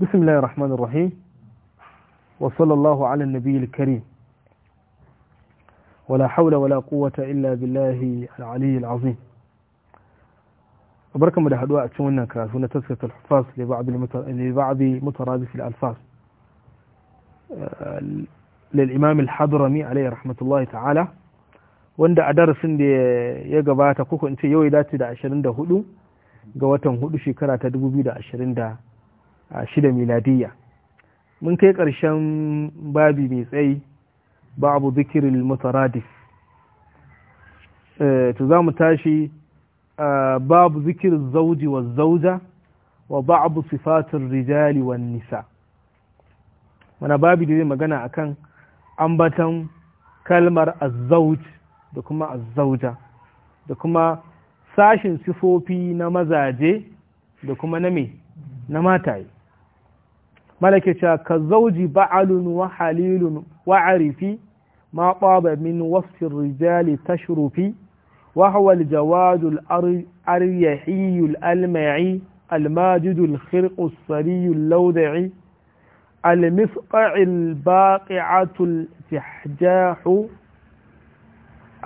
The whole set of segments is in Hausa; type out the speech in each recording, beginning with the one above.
بسم الله الرحمن الرحيم وصلى الله على النبي الكريم ولا حول ولا قوة إلا بالله العلي العظيم وبركم da haɗuwa a cikin wannan karatu na taskatul hufaz li ba'di mutaradif للإمام الحضرمي عليه رحمة الله تعالى wanda a darasin da ya gabata kuku in ce yau ya dace da 24 ga watan 4 shekara ta shida miladiyya mun kai ƙarshen babi mai tsayi babu zikirin mutaradif eh, to za mu tashi babu zikirin zauji wa zauja wa babu sifatun rijali wa nisa mana babi da zai magana akan ambatan kalmar azzauj da kuma azauja da kuma sashin sifofi na mazaje da kuma na me na mataye malaka cewa ka zauji ba'alun wa halilun wa arifi ma qaba min wasfi rijali tashrufi wa huwa al-jawadu al-aryahi al-alma'i الماجد الخرق الصري اللودعي المسقع الباقعة الفحجاح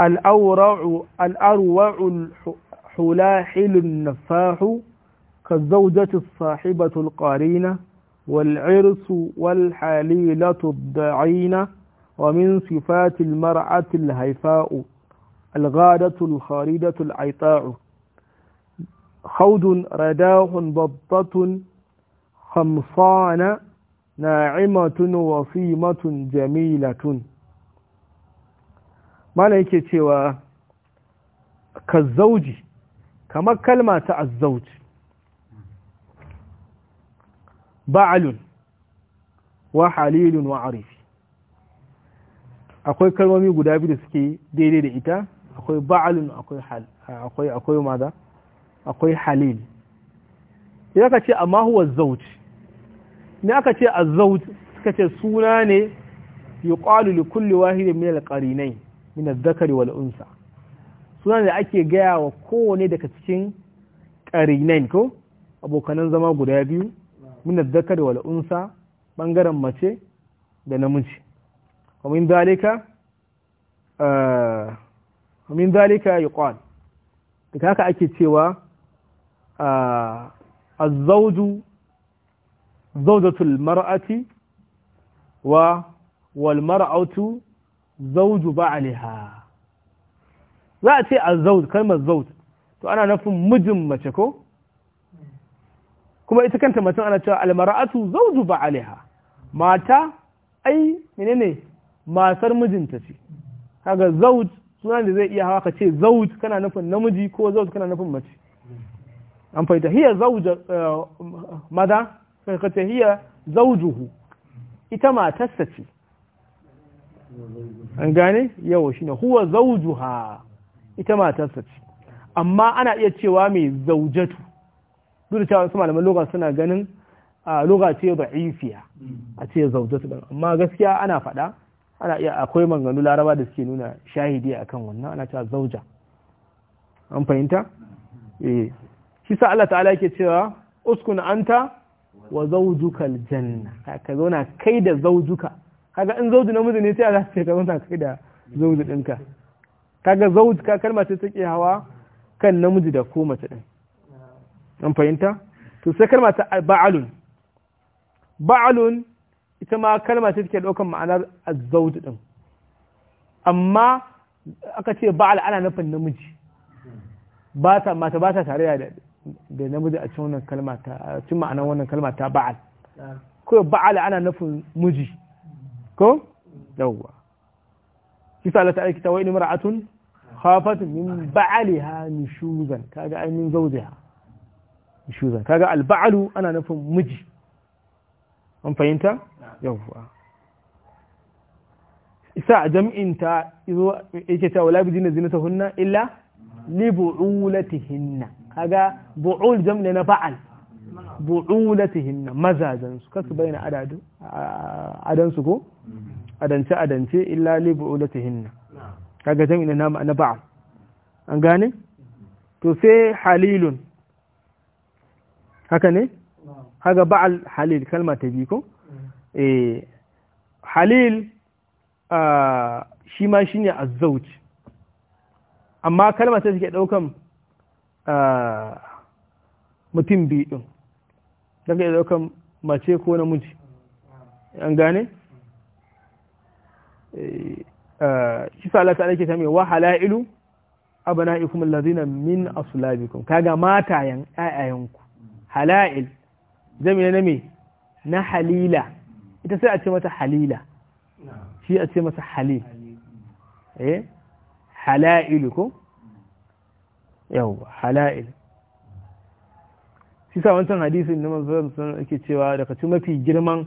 الأورع الأروع الحلاحل النفاح كالزوجة الصاحبة القارينة والعرس والحليلة الضعينة ومن صفات المرأة الهيفاء الغادة الخريدة العيطاء خود رداه بطة خمصان ناعمة وصيمة جميلة ما لك كالزوج كما كلمة kamar الزوج ba’al wa halilun wa arifi akwai kalmomi guda biyu da suke daidai da ita akwai ba'alun akwai akwai maza akwai halil idan ka ce amma huwa zauj ne aka ce azauj suka ce suna ne yuqalu li kulli wahidin min al min adh-dhakari wal suna ne ake gaya wa kowane daga cikin ƙarinai ko abokanan zama guda biyu min zakar wal unsa bangaren mace da namiji wa min zalika ah, wa min yuqal daga haka ake cewa ah, az-zawju zawjatul mar'ati wa wal mar'atu zawju ba'liha za a ce az-zawj kalmar zawj to ana nufin mijin mace ko kuma ita kanta mutum ana cewa almar'atu zawju alaiha mata ai menene masar mijinta ce kaga zawj suna da zai iya hawa ka ce zawj kana nufin namiji ko zawj kana nufin mace an fahimta hiya eh, mada sai ka ce hiya zawjuhu ita matarsa ce an gane yawa shine huwa zawjuha ita matarsa ce amma ana iya cewa mai zaujatu duk da cewa wasu malaman loga suna ganin a loga ce da'ifiya mm. a ce zaujatu su amma gaskiya ana faɗa ana iya akwai manganu laraba da suke nuna shahidi kan wannan ana cewa zauja an fahimta eh shi sa Allah ta'ala yake cewa uskun anta wa zawjuka aljanna ka zauna kai da zawjuka kaga in zauju namiji ne sai a ce ka zauna kai da zauji dinka kaga zauji ka kalma ce take hawa kan namiji da ko mace din an fahimta to sai kalma ta ba'alun ba'alun ita ma kalma ce take daukan ma'anar azzawj din amma aka ce ba'al ana nufin namiji ba mata ba ta da da namiji a cikin wannan kalma ta cikin ma'anar wannan kalma ta ba'al ko ba'al ana nufin miji ko yawwa kisa Allah ta kita wa in mar'atun khafat min ba'aliha nushuzan kaga ai min zawjiha shuzan kaga alba'alu ana nufin miji an fahimta yawwa isa a jam'in ta izo yake cewa wala bijina zinata hunna illa li bu'ulatihinna kaga bu'ul jam'i na fa'al bu'ulatihinna mazajan su kasu bayyana adadu adan su ko adance adance illa li bu'ulatihinna kaga jam'i na na fa'al an gane to sai halilun haka ne haga ba'al halil kalma ta bi ko mm. eh, halil ah, shi ma shine amma kalma ta suke daukan ah, mutum biyu din daga daukan mace ko namiji mm. an gane mm. eh, ah, shi sa Allah ta ta mai wa halailu abana'ikum allazina min asulabikun kaga matayen ayayanku hala'il zai na me na halila ita sai a ce mata halila shi a ce masa halil eh hala'il ko yau hala'il shi sa wancan hadisin na mazan sun ake cewa daga cikin mafi girman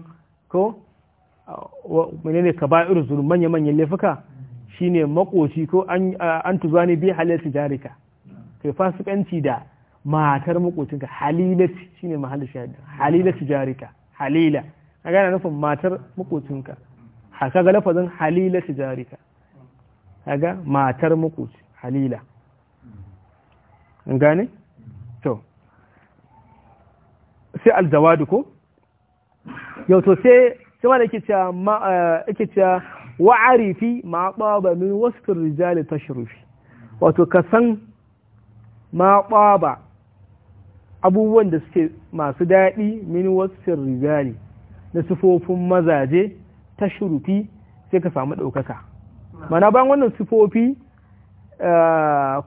ko ne ba kaba'ir zulm manya manyan laifuka shine makoci ko an tuzani bi halal tijarika kai fasikanci da matar makocinka halilati shine mahallin shahid halilati jarika halila a gana nufin matar makocinka haka ga lafazin halilati jarika haka matar makoci halila gane to sai aljawadu ko yau to sai sai wanda ake cewa ma eh, yake cewa wa'arifi ma ɓaba min wasfir ta shirufi wato ka san ma ɓaba abubuwan da suke masu daɗi min wasfin rigali na sufofin mazaje ta shurufi sai ka samu ɗaukaka mana ban wannan sufofi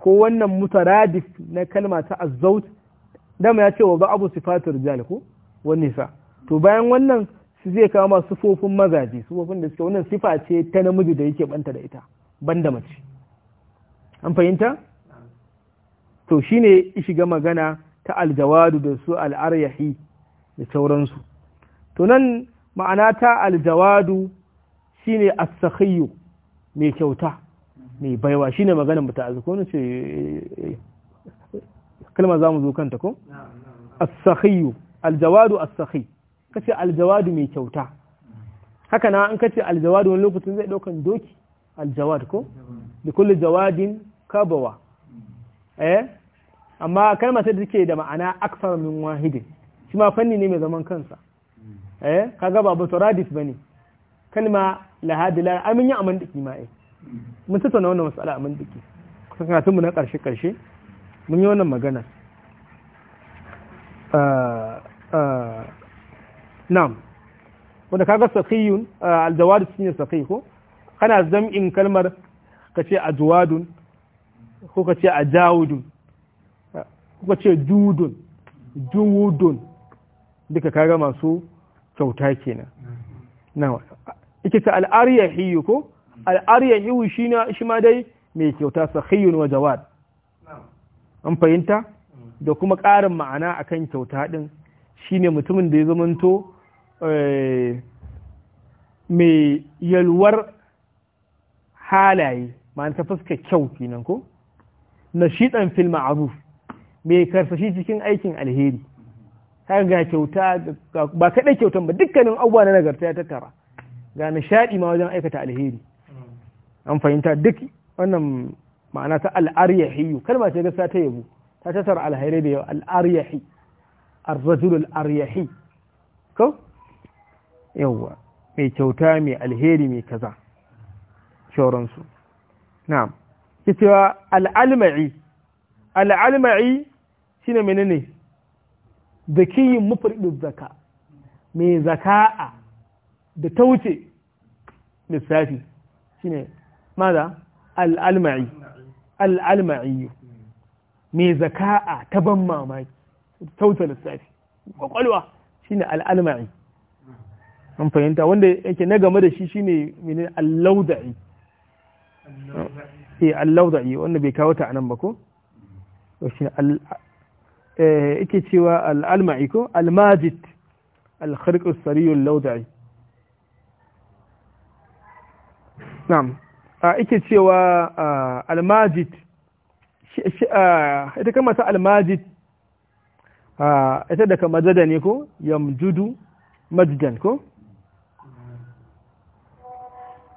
ko wannan mutaradif na kalma ta azzaut dama ya ce wa abu fatar rijal ko wani sa to bayan wannan su zai kama sufofin mazaje Sufofin da suke wannan sifa ce ta namiji da yake banta da ita banda mace an fahimta to shine shiga magana ta aljawadu da su al'aryahi da sauransu to nan ma'ana ta aljawadu shine as-sakhiyu mai kyauta mai baiwa shine ne maganin mutu a zukunan ce za mu zo kanta ko as-sakhiyu aljawadu as-sakhi kace aljawadu mai kyauta haka na an kace aljawadu wani lokacin zai ɗaukan doki aljawad ko da kulle jawadin kabawa eh amma kalmar ta take da ma'ana aksar min wahidin shi ma fanni ne mai zaman kansa eh kaga ba mutaradif bane kalma lahadi la amin ya aman diki ma eh mun tattauna wannan mas'ala aman diki kusan karatun mu na karshe karshe mun yi wannan magana ah, ah, na'am wanda kaga saqiyun ah, aljawad sun yi saqiy ko kana zam'in kalmar kace ajwadun ko kace ajawudun kuka ce dudun juwudun duka kaga masu kyauta kenan nawa ike ta hiyu ko hiyu shi ma dai mai kyauta sahiyun wa jawad an fahimta da kuma ƙarin ma'ana akan kyauta ɗin shine mutumin da ya zamanto eh, mai yalwar halaye ma'an ta fuska kyau kenan ko ɗan fil ma'aruf mai karsashi cikin aikin alheri kaga ga kyauta ba kaɗai kyautan ba dukkanin abubuwa na nagarta ya tattara ga nishaɗi ma wajen aikata alheri an fahimta duk wannan ma'ana ta al'aryahi kalma ce gasa ta yabo ta tattara alhairai da yau al'aryahi arzajul al'aryahi ko yawwa mai kyauta mai alheri mai kaza shauransu na'am ki cewa al'alma'i al'alma'i shine menene zakiyin mafarɗin zaka mai zaka'a da ta wuce lissafi shine maza al'alma'i al'alma'i mai zaka'a ta ban mamaki ta wuce lissafi shi shine al'alma'i an fahimta wanda yake na game da shi shine menene allauda'i eh allauda'i wanda bai kawo ta anan ba ko Eh, yake cewa al'alma'i ko al-majid al-kharqus sariyun, lawda'i na'am cewa al-majid ita kama ta al-majid ita daga majada ne ko yamjudu majdan ko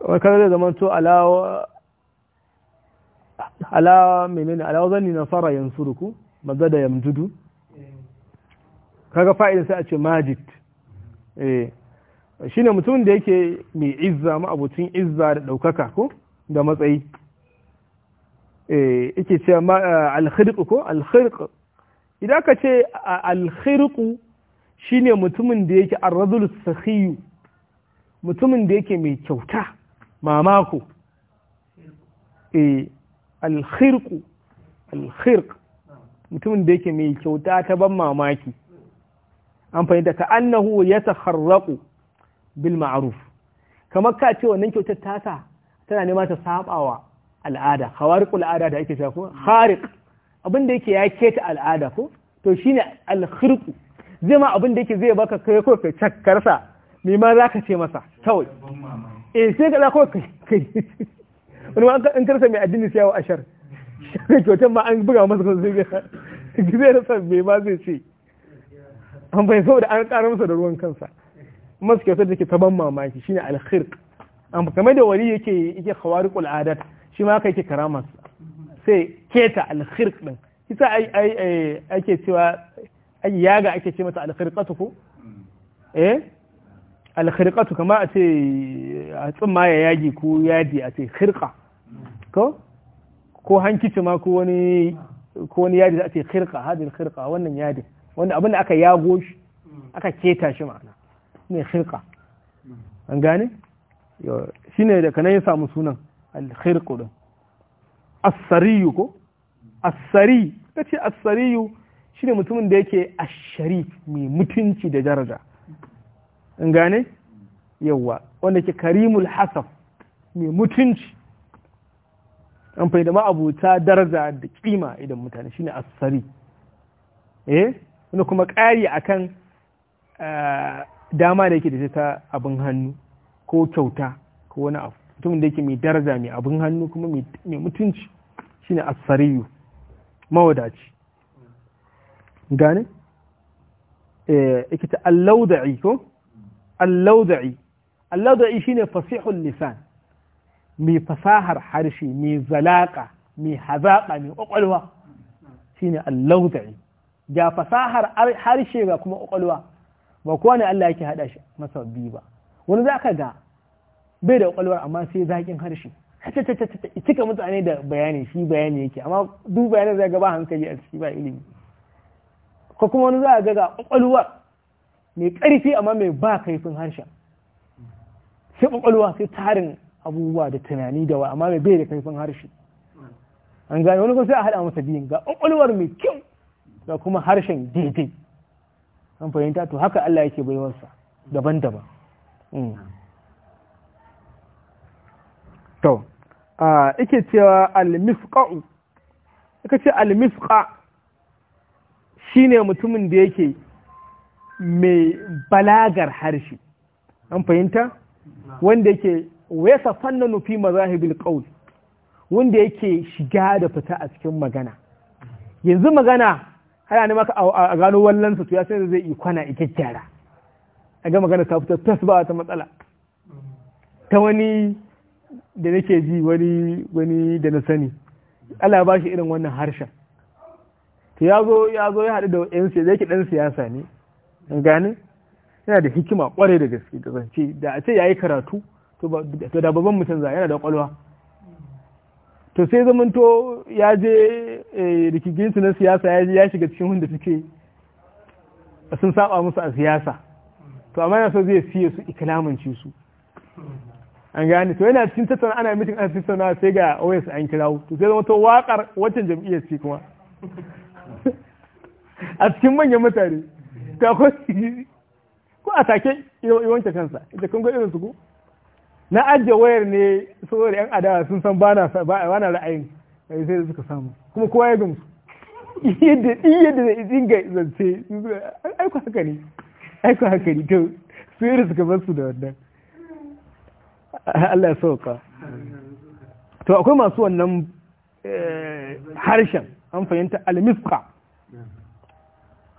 wakar da zama to alawa alawa menene alawa fara nasara yansuruku maza da yamdudu kaga fa'ida sai a ce majid eh, shine mutum da yake mai izza ma'abucin izza da ɗaukaka ko da matsayi eh, yake eh, ce alkhirku ko alkhirku idan ka ce alkhirku shine mutumin da yake arrazul sahiyu mutumin da yake mai kyauta mamako alkhirku alkhirku mutumin da yake mai kyauta ta ban mamaki an fahimta ka annahu ya taharraku bil ma'ruf kamar ka ce wannan kyautar tasa tana nema ta sabawa al'ada khawariqul al'ada da ake shafo khariq abin da yake ya keta al'ada ko to shine al-khirqu zai ma abin da yake zai baka kai ko kai sa me ma zaka ce masa kawai eh sai ka zaka kai wani ma an karsa mai addini sai yawo ashar kyautar ma an buga masa kuma zai zai rasa bai ba zai ce an bai saboda an ƙara masa da ruwan kansa masu kyautar da ke ta ban mamaki shine alkhir an kamar da wani yake yake khawariqul adat shi ma kai ke karamas sai keta alkhir din kisa ai ai ake cewa ai yaga ake ce mata alkhirqatu ko eh alkhirqatu kama a ce a tsumma ya yagi ko yadi a ce khirqa ko ko hankici ma ko wani ko wani yadi da ake khirqa hadin khirqa wannan yadi wanda abin da aka yago shi aka keta shi ma'ana ne khirqa an gane shine da kanan ya samu sunan al khirqu din as-sariyu ko as-sari kace as-sariyu shine mutumin da yake Asari mai mutunci da daraja an gane yawa wanda ke karimul hasaf mai mutunci an fahimta ma'abuta daraja da kima idan mutane shine asari eh wani kuma ƙari akan eh, dama da yake da ta abin hannu ko kyauta ko wani abu mutumin da yake mai daraja mai abin hannu kuma mai mutunci shine yu mawadaci gane ikita eh, allauda'i ko allauda'i allauda'i shine fasihul lisan mai fasahar harshe mai zalaka mai hazaƙa mai ƙwaƙwalwa shine ne ga fasahar harshe ga kuma ƙwaƙwalwa ba kowa ne Allah yake hada shi masa biyu ba wani za ka ga bai da ƙwaƙwalwar amma sai zaƙin harshe cika mutane da bayani shi bayani yake amma duk bayanin zai gaba hankali a ciki ba ilimi ko kuma wani za ga ga ƙwaƙwalwar mai ƙarfi amma mai ba kaifin harshen sai ƙwaƙwalwa sai tarin abubuwa da tunani da wa amma bai da kaifin harshe an gane wani kuma sai a haɗa masa biyun ga ƙwaƙwalwar mai kyau da kuma harshen daidai an fahimta to haka Allah yake baiwarsa daban-daban hmm. to a ike cewa al-mifqa'u ce al shine mutumin da yake mai balagar harshe an fahimta wanda yake wesa fanna fi mazahibil qawl wanda yake shiga da fita a cikin magana yanzu magana hana ne maka a gano wallansa to ya sai zai yi kwana ikikkyara a ga magana ta fita tas ba ta matsala ta wani da nake ji wani wani da na sani Allah ya bashi irin wannan harshen to ya zo ya zo haɗu da yan siyasa yake dan siyasa ne an gane yana da hikima kwarai da gaske da zance da a ce yayi karatu to da babban mutum za yana da kwalwa to sai zamanto ya je eh, rikigin su na siyasa ya shiga cikin wanda suke sun saba musu a siyasa to amma yana so zai siye su ikilamanci su an gane to yana cikin tattauna ana mitin fito tattauna sai ga OS an kirawo to sai zama to wakar wancan jam'iyyar ce kuma a cikin manyan mutane ta ko ko a take ya wanke kansa ita kun ga irin su ko na ajiye wayar ne saboda yan adawa sun san ba na ra'ayin eh, sai da suka samu kuma kowa ya gamsu yadda yadda zai dinga zance aiko haka ne aiko haka ne to su yi suka bar su da wannan Allah ya sauka to akwai masu wannan eh, harshen an fahimta almiska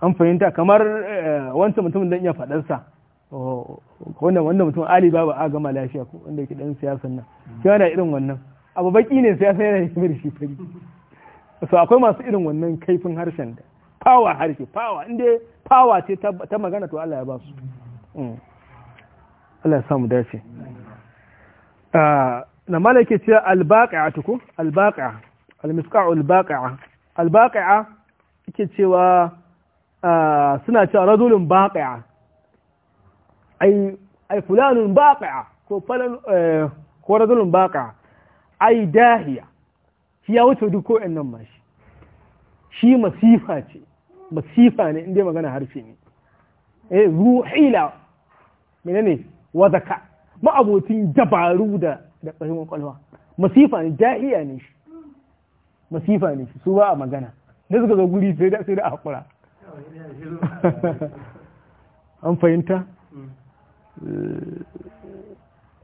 an fahimta kamar eh, wancan mutumin don iya faɗarsa wannan wanda mutum ali babu a gama lafiya ko wanda yake dan siyasan nan shi yana irin wannan abu baki ne siyasa yana yin shi fari so akwai masu irin wannan kaifin harshen da power harshe power inda power ce ta magana to Allah ya ba su mm. Allah ya samu dace ah, na malaki ce albaqi'a tuku albaqi'a almisqa'u albaqi'a albaqi'a yake cewa ah, suna cewa radulun baqi'a ai ai fulanun baqi'a ko falan ko rajulun baqi'a ai dahiya shi ya wuce duk ko nan ma shi shi masifa ce masifa ne inda magana harshe ne eh ruhila menene wadaka ma'abocin dabaru da da ƙarfin kwalwa masifa ne dahiya ne shi masifa ne shi su ba a magana da suka zo guri sai da sai da hakura an fahimta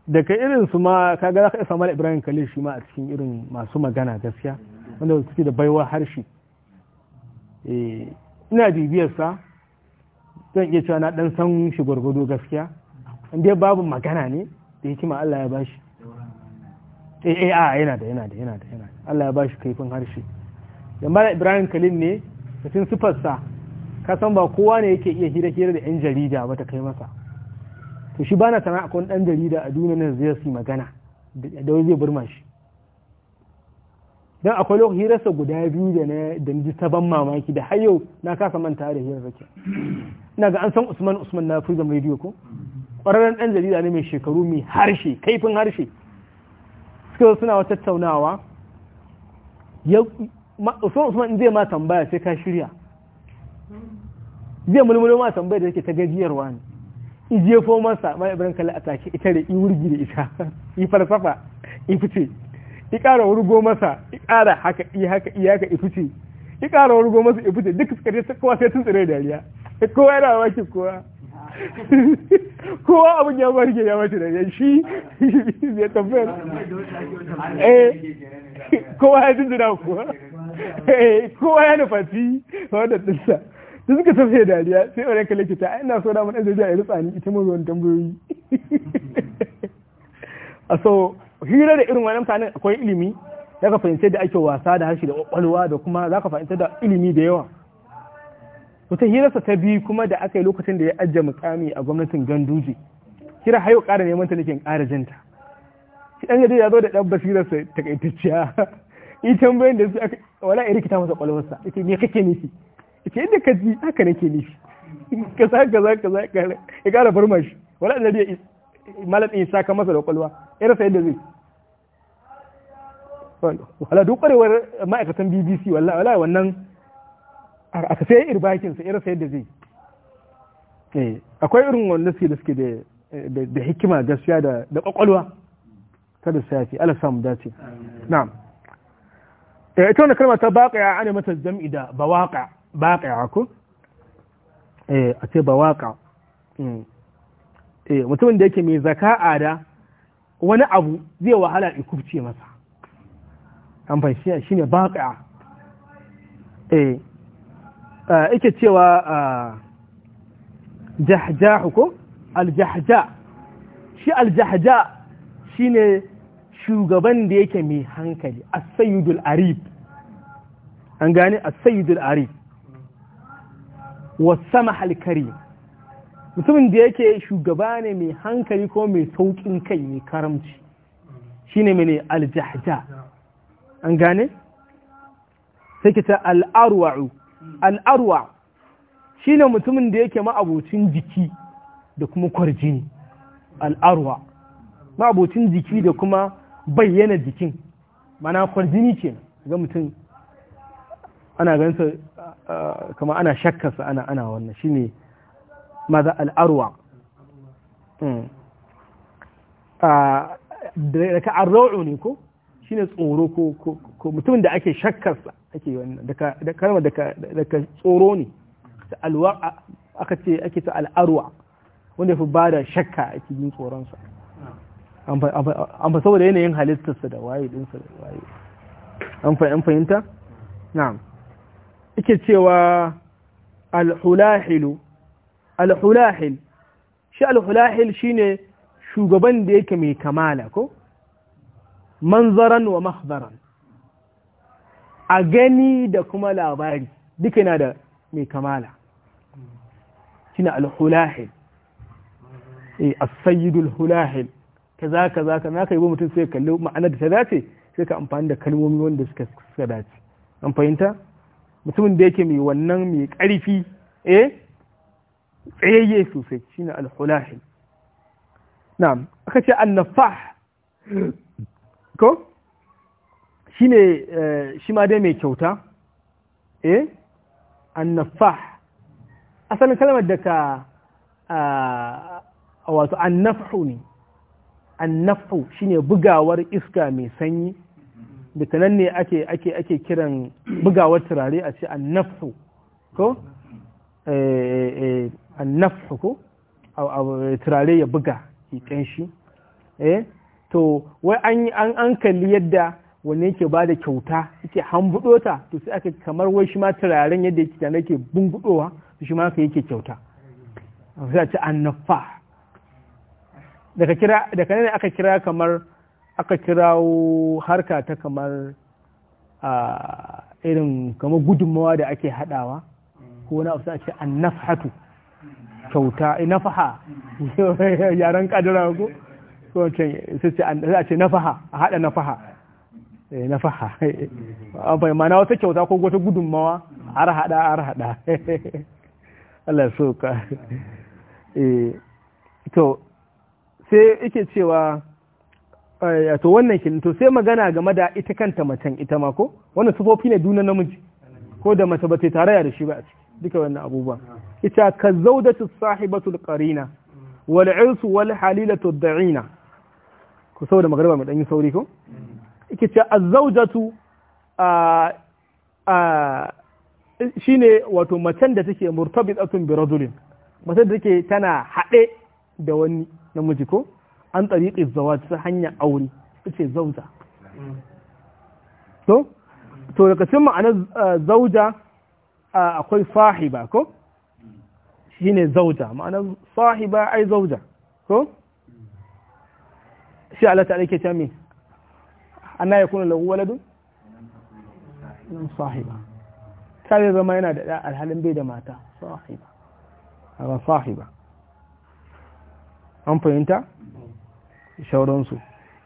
da kai irin su ma kaga za ka isa mala ibrahim kalil shi ma a cikin irin masu magana gaskiya wanda suke da baiwa harshe eh, ina bibiyarsa zan iya cewa na dan san shi gwargwado gaskiya inda babu magana ne da ma Allah ya bashi eh, eh a yana da yana da yana da yana Allah ya bashi kaifin harshe da mala ibrahim kalil ne cikin sifarsa ka san ba kowa ne yake iya hira hira da yan jarida ba ta kai masa to shi bana sana'a akwai dan jarida a duniya na zai su magana da zai burma shi dan akwai lokaci hirarsa guda biyu da na da ji saban mamaki da har yau na kasa manta da hirar rake ina ga an san Usman Usman na Freedom Radio ko ƙwararren ɗan jarida ne mai shekaru mai harshe kaifin harshe suka zo suna wata tattaunawa Usman Usman zai ma tambaya sai ka shirya zai mulmulo ma tambaya da yake ta gajiyarwa ne ije fo masa mai ibrahim kalli a take ita da yi wurgi da ita yi falsafa yi fice i ƙara wurgo masa yi ƙara haka yi haka yi haka yi fice i ƙara wurgo masa yi fice duk suka je kowa sai sun tsire dariya kowa yana maki kowa kowa abin ya ke ya mace dariya shi ya tafiyar eh, kowa ya jinjina kowa eh, kowa ya nufaci wadda ɗinsa su suka tafiya dariya sai ore kalle ta ina so da mun aje a rutsa ni ita mun ruwan tambayoyi a so hira da irin wannan mutanen akwai ilimi ka fahimci da ake wasa da harshe da kwakwalwa da kuma za ka fahimci da ilimi da yawa wata hirarsa ta biyu kuma da aka yi lokacin da ya ajiye mukami a gwamnatin ganduje kira hayo ƙara neman ta nake ƙara jinta shi ɗan gaje ya zo da dan basirarsa takaitacciya ita tambayin da su aka wala ya rikita masa kwalwarsa ita ne kake nufi ke inda ka ji haka nake nufi kaza kaza kaza kaza ya kara farma shi wala annabi zariya malam din saka masa da kwalwa irin sai da zai wala duk kwarewar ma'aikatan BBC wala wala wannan aka sai irbakin sa irin sai da zai eh, akwai irin wanda suke da suke da da hikima gaskiya da kwakwalwa kada su yafi Allah samu dace na'am eh, ita wannan kalma ta ya ana mata jam'i da ba'waka. baƙa ko eh, a ce ba waƙa hmm. eh, mutumin da yake mai zaka da wani abu zai wahala ya kubce masa an shi shine baƙa eh. eh yake cewa jahjahu ko aljahja shi aljahja shine shugaban da yake mai hankali as-sayyidul arif an gane as-sayyidul arif wasama halkari mutumin da yake shugaba ne mai hankali ko mai saukin kai mai karamci shine mene aljahja an gane sai kita al'arwa'u al'arwa shi ne mutumin da yake ma'abocin jiki da kuma kwarjini al'arwa ma'abocin jiki da kuma bayyana jikin mana kwarjini ke ga mutum ana gansa kama ana shakkarsa ana ana wannan shine maza al'arwa ka arra'u ne ko shi ne tsoro ko mutum da ake shakkarsa ake wannan da ka tsoro ne aka ce ake ta al'arwa wanda fi ba da shakka ake yin tsoronsa an fa saboda yanayin halittarsa da waye dinsa da waye an fahimta na'am yake cewa alhulahilu alhulahil shi alhulahil shine shugaban da yake mai kamala ko manzaran wa mahzaran a gani da kuma labari duka yana da mai kamala shine alhulahil eh as-sayyidul hulahil kaza kaza yi kai mutum sai kallo ma'anar da ta dace sai ka amfani da kalmomi wanda suka dace an fahimta mutumin da yake mai wannan mai ƙarfi eh tsayayye sosai shine al alhulahi na aka ce an-nafah ko ne eh, shi ma dai mai kyauta eh an asalin kalmar da ka ah, wato an ne an shi shine bugawar iska mai sanyi daga nan ne ake ake ake kiran bugawar turare a ce nafsu ko eh, eh, eh, nafsu ko turare ya buga ki kanshi eh to wai an an kalli yadda wanne yake ba da kyauta yake hambudo ta to sai aka kamar wai shi ma turaren yadda yake tana yake bungudowa shi ma haka yake kyauta sai a ce nafa daga kira daga nan aka kira kamar aka kirawo harka ta kamar a irin kamar gudunmawa da ake hadawa ko wani abu ce an nafhatu kyauta eh, nafaha yaren kadira ko ko ce nafaha a hada nafaha eh, nafaha amfani mana wata kyauta ko wata gudunmawa har hada har hada Allah so ka eh, to sai yake cewa Eh, to wannan shi to sai magana game da ita kanta macen ita ma ko wannan sufofi ne duna namiji ko da mace ba ta tarayya da shi ba a ciki duka wannan abubuwa ita ka zaudatu sahibatu alqarina wal irsu wal halilatu da'ina ku saboda magariba mai danyi sauri ko ita ce azzaujatu a a shine wato macen da take murtabitatun bi rajulin macen da take tana hade da wani namiji ko an tariƙi zawa ta hanyar aure ce zauja to to daga cikin ma'anar eh, zauja eh, akwai sahiba ko shine zauja ma'anar sahiba ai zauja ko shi Allah ta alike ta me anna yakuna lahu waladun sahiba kai zama yana da alhalin bai da mata sahiba sahiba an fahimta shauransu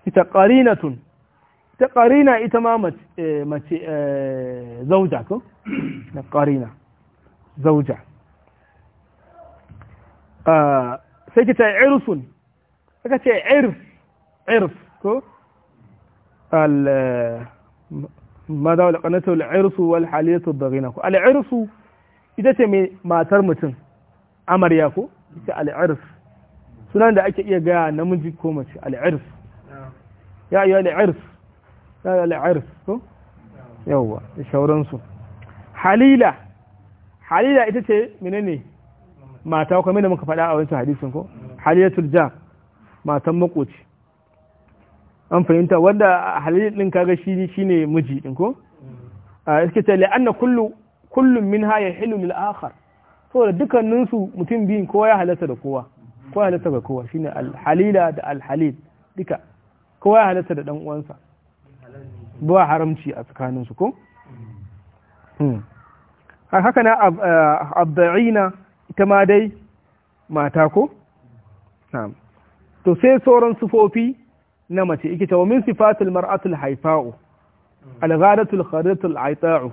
ita qarinatun ita ƙarina ita ma mace eh, eh, zauja ko na ƙarina zauja ah, sai kita irsun aka ce irf irf ko al ماذا ولقنته العرس والحالية الضغينة العرس matar mutum amarya ترمتن ita al sunan da ake iya gaya namiji ko mace al'irf ya yi al'irf ya yi al'irf ko yawwa da shauransu halila halila ita ce menene mata kuma da muka faɗa a wancan hadisin ko halilatul ja matan makoci an fahimta wanda halil din kaga shi shine miji din ko a iske ta la'anna kullu kullum min ha yahilu lil akhar saboda dukkaninsu mutum biyin kowa ya halatta da kowa ko halitta ga kowa shine alhalila da alhalil duka kowa ya halitta da dan uwansa ba haramci a tsakanin su ko hmm. haka na eh, abda'ina ita ma dai mata ko to sai sauran sufofi na mace ike ta min sifatul mar'atul haifa'u al-ghadatul aita'u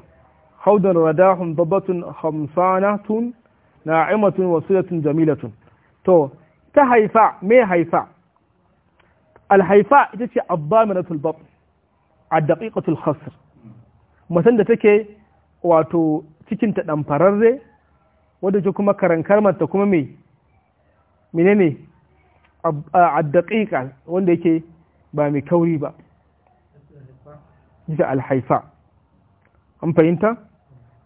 khawdan radahun babatun khamsanatun na'imatun wasilatun jamilatun to ta haifa me haifa alhaifa ita ce abbaminatul bab a daƙiƙatul khasr matan da take wato cikin ta fararre wadda ce kuma karankar mata kuma mai ne a daƙiƙa wanda yake ba mai kauri ba ita alhaifa an fahimta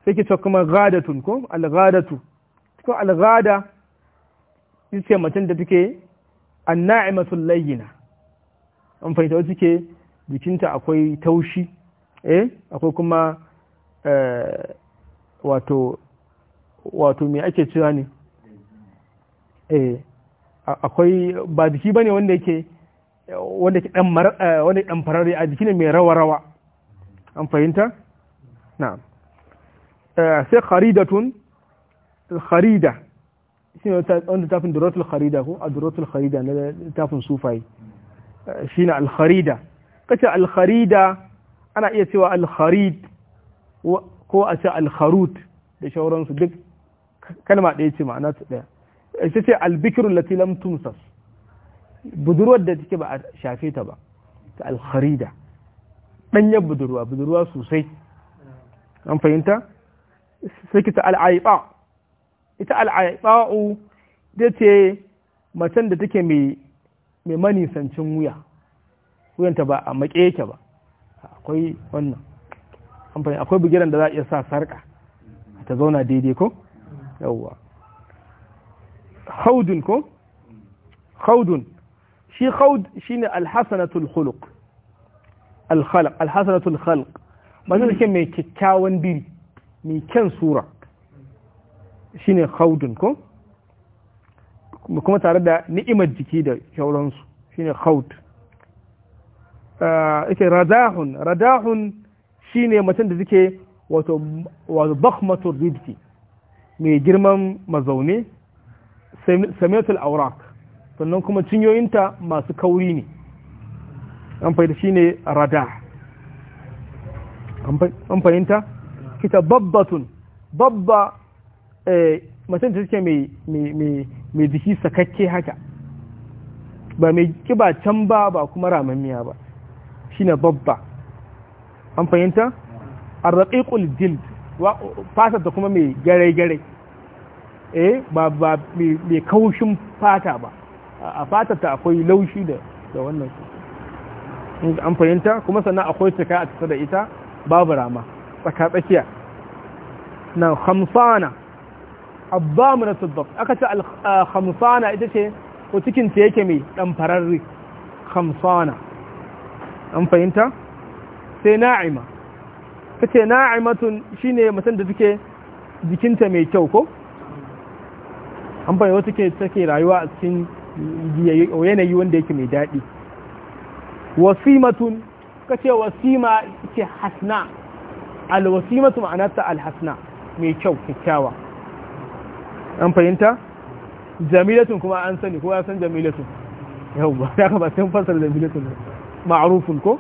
sai ke kuma gadatun ko algadatu ko algada ce mutum da take anna'imatul layyina an fahimta wasu ke jikinta akwai taushi eh akwai kuma eh, wato wato me ake cewa ne eh akwai ba jiki bane wanda yake wanda ke dan eh, wanda dan farare a jiki ne mai rawa rawa an fahimta na'am eh, sai kharidatun kharida shi ne wanda tafin duratul kharida ko a duratul kharida na tafin sufai shi ne alkharida kace alkharida ana iya cewa alkharid ko a ce alkharut da shauransu duk kalma ɗaya ce ma'ana su ɗaya ita ce albikirun lati lam tumsas budurwar da take ba a shafe ta ba ta alkharida ɗanyen budurwa budurwa sosai an fahimta sai kita al'aiba ita al’aiɓa’u ita ce macen da take mai manisancin wuya wuyanta ba a maƙe yake ba akwai wannan amfani akwai bugiran da za a iya sa sarƙa ta zauna daidai ko yawwa haudun ko haudun shi haud shi ne alhassanatul khuluq alhassanatul khalq masu da ke mai kyakkyawan biri mai kyan sura shine khawdun ko kuma tare da ni'imar jiki da shauransu shine khawd ita ah, radahun radahun shine mutum da suke wato wato bakhmatu ridki mai girman mazauni samiyatul awraq sannan kuma cinyoyinta masu kauri ne an fahimta shine rada an fahimta kita babbatun babba Eh, mutum da suke mai jiki sakakke haka ba mai kiba can ba ba kuma ramammiya ba shi ne babba an fahimta arraqiqul jild fasar da kuma mai gare-gare eh ba ba mai kaushin fata ba a fatar ta akwai laushi da wannan su an fahimta kuma sannan akwai cika a tattara da ita babu rama tsaka tsakiya na hamsana abbamu na tuddaf aka ce alhamsana ita ce ko cikinta yake mai dan fararri khamsana an fahimta sai na'ima kace ce na'imatun shine ne da suke jikinta mai kyau ko an fahimta suke take rayuwa a cikin yanayi wanda yake mai daɗi wasimatun kace ce wasima ke hasna alwasimatu ma'anarta alhasna mai kyau kikkiawa an fahimta jamilatun kuma an sani ko ya san jamilatun yawwa ya kama sun fasar jamilatun Ma'arufin ko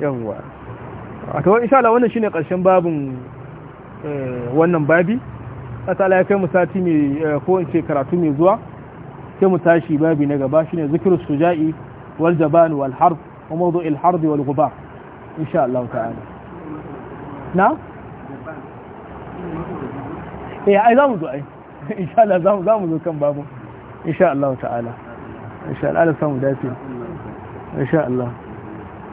yawwa a kawai insha Allah wannan shine karshen babin eh, wannan babi asala ya kai mu sati mai eh, ko in ce karatu mai zuwa sai mu tashi babi na gaba shine zikru suja'i wal jaban wal harb wa mawdu' al harb wal ghubar insha Allah ta'ala na eh ai za mu zo ai insha Allah za mu zo kan babu insha Allah ta'ala insha Allah samu dace insha Allah